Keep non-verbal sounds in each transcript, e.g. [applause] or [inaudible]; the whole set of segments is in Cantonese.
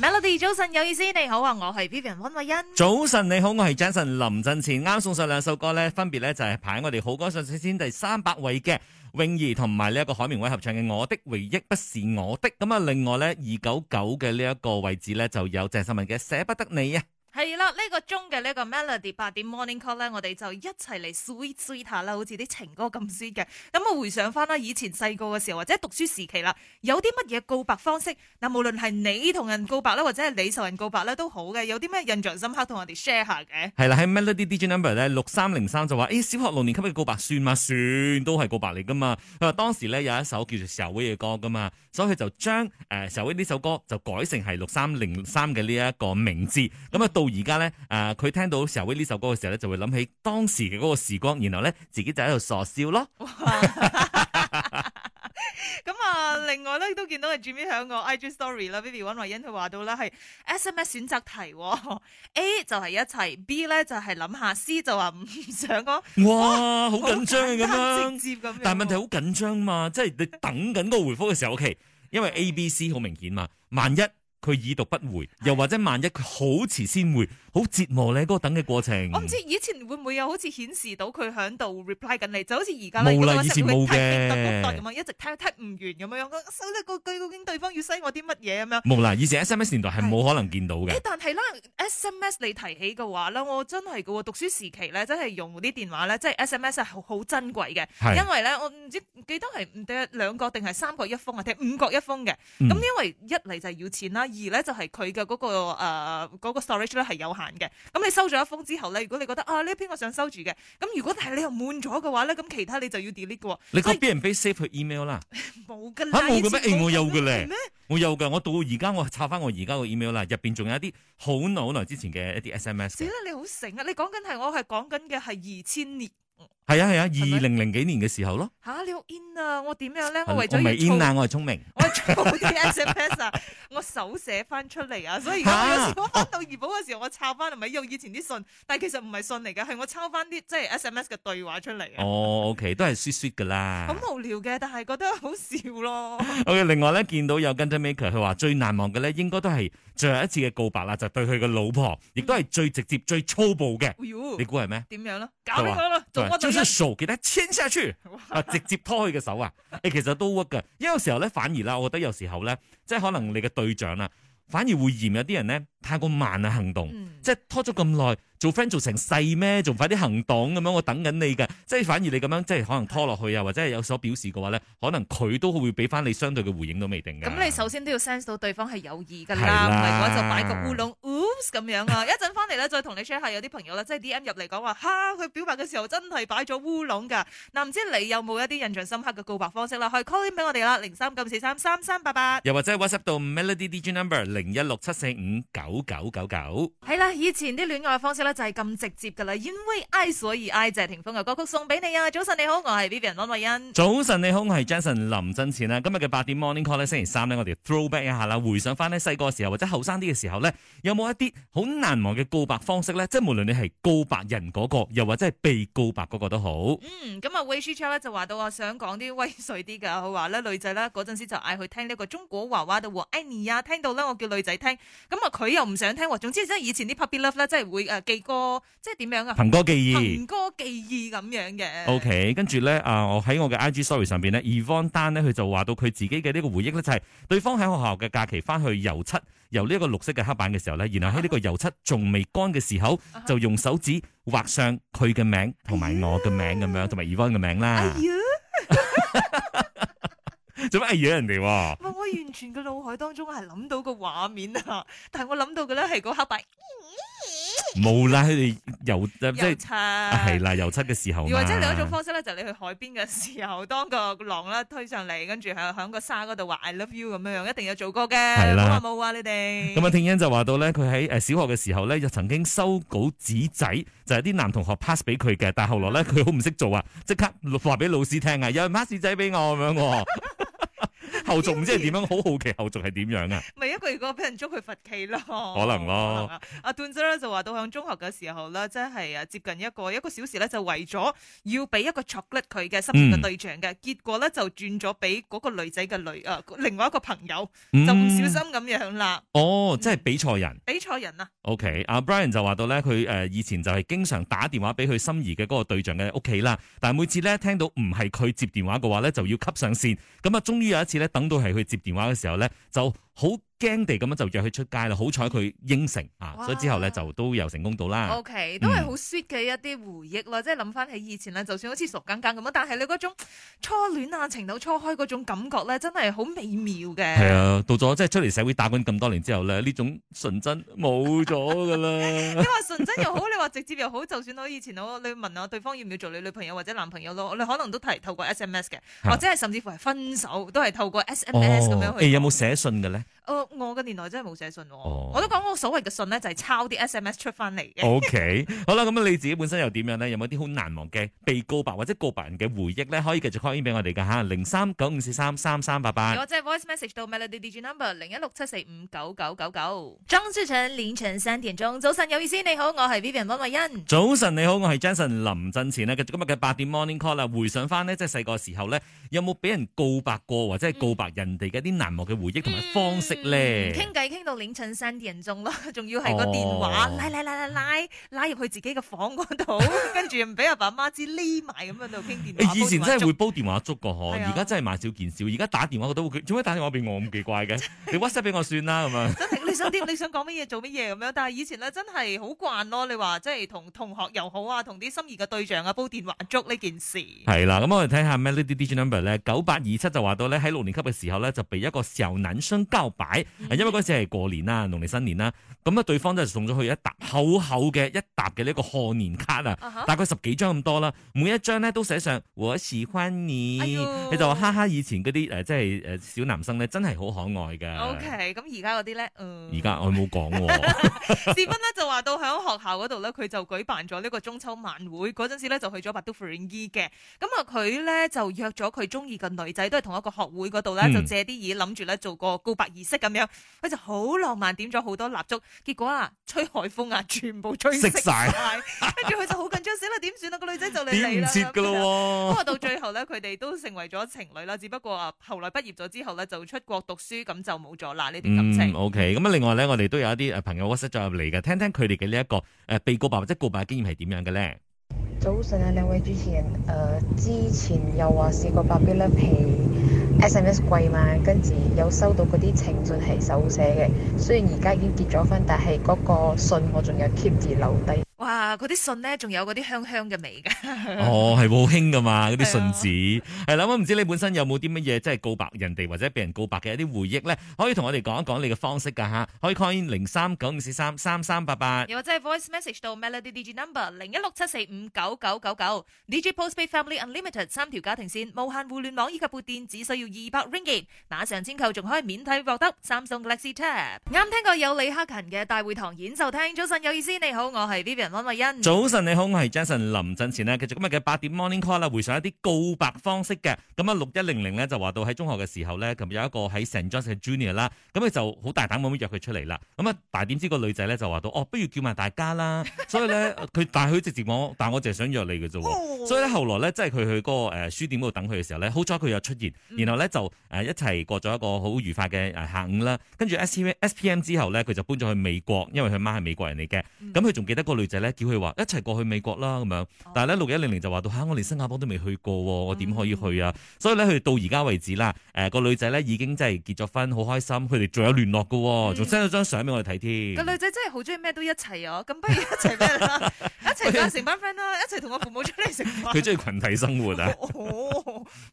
Melody 早晨有意思，你好啊，我係 Vivian 溫慧欣。早晨你好，我係 Jason 林振前。啱送上兩首歌咧，分別咧就係排我哋好歌上先第三百位嘅泳兒同埋呢一個海鳴威合唱嘅我的回憶不是我的。咁啊，另外咧二九九嘅呢一個位置咧就有鄭秀文嘅捨不得你啊。係啦，呢個鐘嘅呢個 melody 八點 morning call 咧，我哋就一齊嚟 sweet sweet 下啦，好似啲情歌咁 sweet 嘅。咁啊，回想翻啦，以前細個嘅時候或者讀書時期啦，有啲乜嘢告白方式？嗱，無論係你同人告白啦，或者係你受人告白啦，都好嘅。有啲咩印象深刻同我哋 share 下嘅？係啦，喺 melody DJ number 咧六三零三就話，誒、哎，小學六年級嘅告白算嘛？算，都係告白嚟噶嘛。佢話當時咧有一首叫做《社會嘅歌》噶嘛，所以佢就將誒社會呢首歌就改成係六三零三嘅呢一個名字。咁啊到而家咧，啊、呃，佢聽到 s a 呢首歌嘅時候咧，就會諗起當時嘅嗰個時光，然後咧自己就喺度傻笑咯。咁啊，另外咧都見到係 Jimmy 響個 IG Story 啦 [laughs] ，Baby 溫維欣佢話到啦係 SMS 選擇題、啊、，A 就係一齊，B 咧就係諗下，C 就話唔想講、啊。哇，好緊張咁樣，但係問題好緊張嘛， [laughs] 即係你等緊個回覆嘅時候，O、okay, K，因為 A、B、C 好明顯嘛，萬一。佢已讀不回，又或者萬一佢好遲先回，好折磨你嗰、嗰個等嘅過程。我唔知以前會唔會有好似顯示到佢響度 reply 緊你，就好似而家冇啦。以前冇咁啊一直聽聽唔完咁樣樣，收得個句究竟對方要西我啲乜嘢咁樣。冇啦，以前 SMS 年代係冇可能見到嘅、欸。但係啦 SMS 你提起嘅話咧，我真係嘅喎，讀書時期咧真係用啲電話咧，即係 SMS 係好珍貴嘅，是因為咧我唔知記得係唔得兩個定係三個一封啊，定五個一封嘅。咁、嗯、因為一嚟就係要錢啦。而咧就係佢嘅嗰個誒嗰個 storage 咧係有限嘅，咁你收咗一封之後咧，如果你覺得啊呢篇我想收住嘅，咁如果係你又滿咗嘅話咧，咁其他你就要 delete 喎。你個邊人俾 save 佢 email 啦？冇噶吓，冇噶咩？我有嘅咧，我有噶，我到而家我查翻我而家個 email 啦，入邊仲有一啲好耐好耐之前嘅一啲 sms。死啦！你好醒啊！你講緊係我係講緊嘅，係二千年。係啊，係啊，二零零幾年嘅時候咯。吓，你好 in 啊！我點樣咧？我為咗要 in 啊！我係聰明，我抄啲 SMS 啊， [laughs] 我手寫翻出嚟啊！所以而家我有翻、啊、到怡保嘅時候，我抄翻係咪用以前啲信？但係其實唔係信嚟嘅，係我抄翻啲即係 SMS 嘅對話出嚟。哦，OK，都係酸酸㗎啦。好無聊嘅，但係覺得好笑咯。OK，另外咧見到有 Gentleman 佢話最難忘嘅咧，應該都係最後一次嘅告白啦，就係、對佢嘅老婆，亦都係最直接最粗暴嘅。哎、呦你估係咩？點樣咯？搞呢個咯，手，其他牽下去，啊，直接拖佢嘅手啊，誒哇、欸，其實都 work 噶，因為有時候咧，反而啦，我覺得有時候咧，即係可能你嘅隊長啊，反而會嫌有啲人咧太過慢啊行動，嗯、即係拖咗咁耐。做 friend 做成世咩？仲快啲行動咁樣，我等緊你嘅。即係反而你咁樣，即係可能拖落去啊，或者係有所表示嘅話咧，可能佢都會俾翻你相對嘅回應都未定嘅。咁你首先都要 sense 到對方係有意㗎啦，唔係嘅話就擺個烏龍 [laughs] oops 咁樣啊！一陣翻嚟咧，再同你 check 下有啲朋友咧，即係 DM 入嚟講話嚇，佢表白嘅時候真係擺咗烏龍㗎。嗱、啊，唔知你有冇一啲印象深刻嘅告白方式啦？去 call in 俾我哋啦，零三九四三三三八八。又或者 WhatsApp 到 Melody DJ Number 零一六七四五九九九九。係啦，以前啲戀愛方式咧。就係咁直接噶啦，因為愛所以愛。謝霆鋒嘅歌曲送俾你啊！早晨你好，我係 Vivian 安慧欣。早晨你好，我係 Jason 林真前啊。今日嘅八點 Morning Call 咧，星期三呢，我哋 Throwback 一下啦，回想翻呢細個嘅時候或者後生啲嘅時候呢，有冇一啲好難忘嘅告白方式呢？即係無論你係告白人嗰個，又或者係被告白嗰個都好。嗯，咁啊，Wayne Cheung 咧就話到，我想講啲威水啲噶，佢話呢，女仔咧嗰陣時就嗌佢聽呢個中國娃娃的 Any 啊，聽到呢，我叫女仔聽，咁啊佢又唔想聽，總之即係以前啲 Puppy Love 咧，即係會記。個即係點樣啊？憑歌記憶，憑歌記憶咁樣嘅。OK，跟住咧啊，呃、我喺我嘅 IG story 上邊咧，Evan Dan 咧，佢就話到佢自己嘅呢個回憶咧，就係、是、對方喺學校嘅假期翻去油漆，由呢個綠色嘅黑板嘅時候咧，然後喺呢個油漆仲未乾嘅時候，uh huh. 就用手指畫上佢嘅名同埋、uh huh. 我嘅名咁樣，同埋 Evan 嘅名啦。做乜哎，呀 [laughs] [laughs] 哎人哋喎 [laughs] 我完全嘅腦海當中係諗到個畫面啊，但係我諗到嘅咧係個黑板。冇啦，佢哋游油漆即係係漆、啊、啦，油漆嘅時候。又或者另一種方式咧，就你去海邊嘅時候，當個浪啦推上嚟，跟住喺喺個沙嗰度話 I love you 咁樣樣，一定有做過嘅，冇啊冇啊你哋。咁啊，聽欣就話到咧，佢喺誒小學嘅時候咧，就曾經收稿紙仔，就係、是、啲男同學 pass 俾佢嘅，但係後來咧佢好唔識做啊，即刻話俾老師聽啊，有人 pass 仔俾我咁樣。 [laughs] 後續唔知係點樣？然好好奇後續係點樣啊！咪一個月果俾人捉佢罰企咯，可能咯。阿段子咧就話到響中學嘅時候咧，即係啊接近一個一個小時咧就為咗要俾一個 chocolate 佢嘅心儀嘅對象嘅，嗯、結果咧就轉咗俾嗰個女仔嘅女、呃、另外一個朋友，就唔小心咁樣啦。哦，即係俾錯人，俾錯人啊！OK，阿、啊、Brian 就話到咧，佢誒以前就係經常打電話俾佢心儀嘅嗰個對象嘅屋企啦，但係每次咧聽到唔係佢接電話嘅話咧，就要吸上線。咁啊，終於有一次呢。一等到係去接電話嘅時候咧，就好。驚地咁樣就約佢出街啦，好彩佢應承啊，哇所以之後咧就都有成功到啦。OK，都係好 sweet 嘅一啲回憶咯，即係諗翻起以前咧，就算好似熟簡簡咁樣，但係你嗰種初戀啊、情竇初開嗰種感覺咧，真係好美妙嘅。係啊，到咗即係出嚟社會打滾咁多年之後咧，呢種純真冇咗噶啦。 [laughs] 你話純真又好，你話直接又好，就算我以前我你問我對方要唔要做你女朋友或者男朋友咯，我哋可能都提透過 S M S 嘅的， 或者係甚至乎係分手都係透過 S M S 咁樣，哦。誒、欸，有冇寫信嘅咧？誒、哦，我嘅年代真係冇寫信、哦，哦、我都講我所謂嘅信呢，就係抄啲 S M S 出翻嚟嘅。O K，好啦，咁你自己本身又點樣呢？有冇啲好難忘嘅被告白或者告白人嘅回憶呢？可以繼續 call in 俾我哋嘅吓，零三九五四三三三八八。或者 voice message 到 Melody Digital Number 零一六七四五九九九九。張志成凌晨三點鐘，早晨有意思，你好，我係 Vivian 温慧欣。早晨你好，我係 Jason 林振前呢，啦。繼續今日嘅八點 morning call 啦，回想翻呢，即係細個時候呢，有冇俾人告白過或者係告白人哋嘅啲難忘嘅回憶同埋、嗯、方式？咧，傾偈傾到凌晨三點鐘咯，仲要係個電話、哦、來來來拉拉拉拉拉拉入去自己嘅房嗰度，跟住唔俾阿爸阿媽知匿埋咁樣度傾電話、欸。以前真係會煲電話粥個嗬，而家真係買少見少。而家、啊、打電話我都會，做咩打電話俾我咁奇怪嘅？ [laughs] 就是、你 WhatsApp 俾我算啦咁樣！ [laughs] [laughs] 你想啲你想講乜嘢做乜嘢咁樣，但係以前咧真係好慣咯。你話即係同同學又好啊，同啲心儀嘅對象啊煲電話粥呢件事係啦。咁 [music] 我哋睇下 Melody Digi number 咧，九八二七就話到咧喺六年級嘅時候咧就被一個小男生告白。嗯、因為嗰陣時係過年啦，農曆新年啦，咁啊對方都係送咗佢一沓厚厚嘅一沓嘅呢個賀年卡啊哈，大概十幾張咁多啦。每一張咧都寫上我喜歡你」哎喲，你就話哈哈，以前嗰啲誒即係誒小男生咧真係好可愛噶、嗯。OK，咁而家嗰啲咧，而家我冇講喎。志斌呢就話到響學校嗰度咧，佢就舉辦咗呢個中秋晚會。嗰陣時咧就去咗百都 free 嘅。咁啊佢咧就約咗佢中意嘅女仔，都係同一個學會嗰度咧，就借啲嘢諗住咧做個告白儀式咁樣。佢就好浪漫點咗好多蠟燭，結果啊吹海風啊，全部吹熄曬。跟住佢就好緊張死、 [laughs] 啊、啦，點算啊，個女仔就嚟嚟啦。咯。不過到最後咧，佢哋 [laughs] 都成為咗情侶啦。只不過啊，後來畢業咗之後咧就出國讀書，咁就冇咗嗱呢啲感情。OK 咁另外咧，我哋都有一啲誒朋友 WhatsApp 咗入嚟嘅，聽聽佢哋嘅呢一個誒被告白或者告白嘅經驗係點樣嘅咧？早晨啊，兩位主持人，誒、呃、之前又話試過發啲啦皮 SMS 貴嘛，跟住有收到嗰啲情信係手寫嘅，雖然而家已經結咗婚，但係嗰個信我仲有 keep 住留低。哇！嗰啲信呢，仲有嗰啲香香嘅味噶。 [laughs] 哦，係好興噶嘛，嗰啲信紙。係啦是的，我 [laughs] 唔知你本身有冇啲乜嘢，即係告白人哋或者俾人告白嘅一啲回憶咧，可以同我哋講一講你嘅方式噶嚇。可以 call 0395433388，又或者係 voice message 到 Melody Digi Number 0167459999。Digi Postpaid family unlimited 三條家庭線無限互聯網以及撥電只需要二百 ringgit。馬上千扣仲可以免提獲得 Samsung Galaxy Tab。啱聽過有李克勤嘅大會堂演奏廳。早晨有意思，你好，我係 Vivian。是早晨，你好，我係 Jason 林振前咧。繼續今日嘅八點 morning call 啦，回想一啲告白方式嘅。咁啊，六一零零咧就話到喺中學嘅時候咧，琴日有一個喺 Saint John 嘅 junior 啦，咁佢就好大膽咁約佢出嚟啦。咁啊，但點知個女仔咧就話到哦，不如叫埋大家啦。 [laughs] 所以咧，佢但係佢直接講，但係我淨係想約你嘅啫。哦、所以咧，後來咧，即係佢去嗰個誒書店嗰度等佢嘅時候咧，好彩佢又出現，嗯、然後咧就誒一齊過咗一個好愉快嘅誒下午啦。跟住 SPM 之後咧，佢就搬咗去美國，因為佢媽係美國人嚟嘅。咁佢仲記得個女仔，叫佢話一齊過去美國啦咁樣，但係咧六一零零就話到吓，我連新加坡都未去過，我點可以去啊？嗯、所以咧佢到而家為止啦，誒、呃、個女仔咧已經真係結咗婚，好開心，佢哋仲有聯絡噶，仲 send 咗張相俾我哋睇添。個、嗯、女仔真係好中意咩都一齊啊。咁不如一齊咩啦？ [laughs] 一齊啊，成班 friend 啦，一齊同我父母出嚟食飯。佢中意群體生活啊？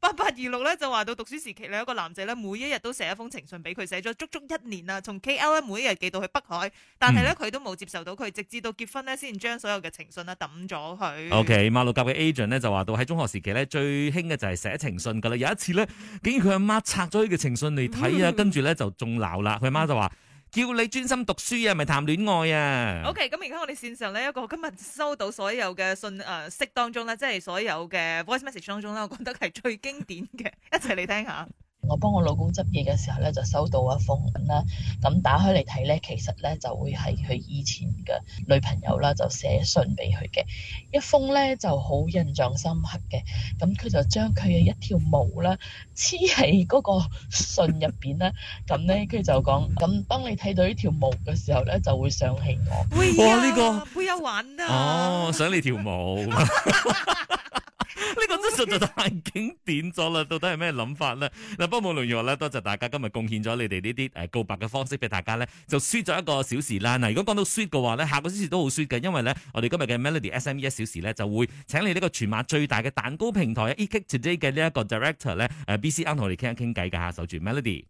八八二六咧就話到讀書時期咧，有個男仔咧每一日都寫一封情信俾佢，寫咗足足一年啦，從 K L 咧每一日寄到去北海，但係咧佢都冇接受到佢，直至到結婚咧先。將所有嘅情信咧抌咗佢。O、okay, K. 馬六甲嘅 agent 咧就話到喺中學時期咧最興嘅就係寫情信噶啦。有一次咧，竟然佢阿媽拆咗佢嘅情信嚟睇啊， [laughs] 跟住咧就仲鬧啦。佢阿媽就話：叫你專心讀書啊，唔係談戀愛啊。O K. 咁而家我哋線上呢一個今日收到所有嘅信誒息當中咧，即係所有嘅 voice message 當中咧，我覺得係最經典嘅， [laughs] 一齊嚟聽下。我幫我老公執嘢嘅時候咧，就收到一封信啦。咁打開嚟睇咧，其實咧就會係佢以前嘅女朋友啦，就寫信俾佢嘅。一封咧就好印象深刻嘅。咁佢就將佢嘅一條毛啦黐喺嗰個信入邊啦。咁咧佢就講：咁當你睇到呢條毛嘅時候咧，就會想起我。呢呀有！會、這個、有玩啊！哦，想你條毛。 [laughs] 呢 [laughs] 個真，實在太經典咗啦！到底係咩諗法咧？嗱，不過無論如何咧，多謝大家今日貢獻咗你哋呢啲誒告白嘅方式俾大家咧，就 sweet 咗一個小時啦。嗱，如果講到 sweet 嘅話咧，下個小時都好 sweet 嘅，因為咧我哋今日嘅 Melody S M E 一小時咧就會請你呢個全馬最大嘅蛋糕平台 Eat Cake Today 嘅呢 BC 安聊一個 Director 咧誒 B C N 同我哋傾一傾偈㗎吓，守住 Melody。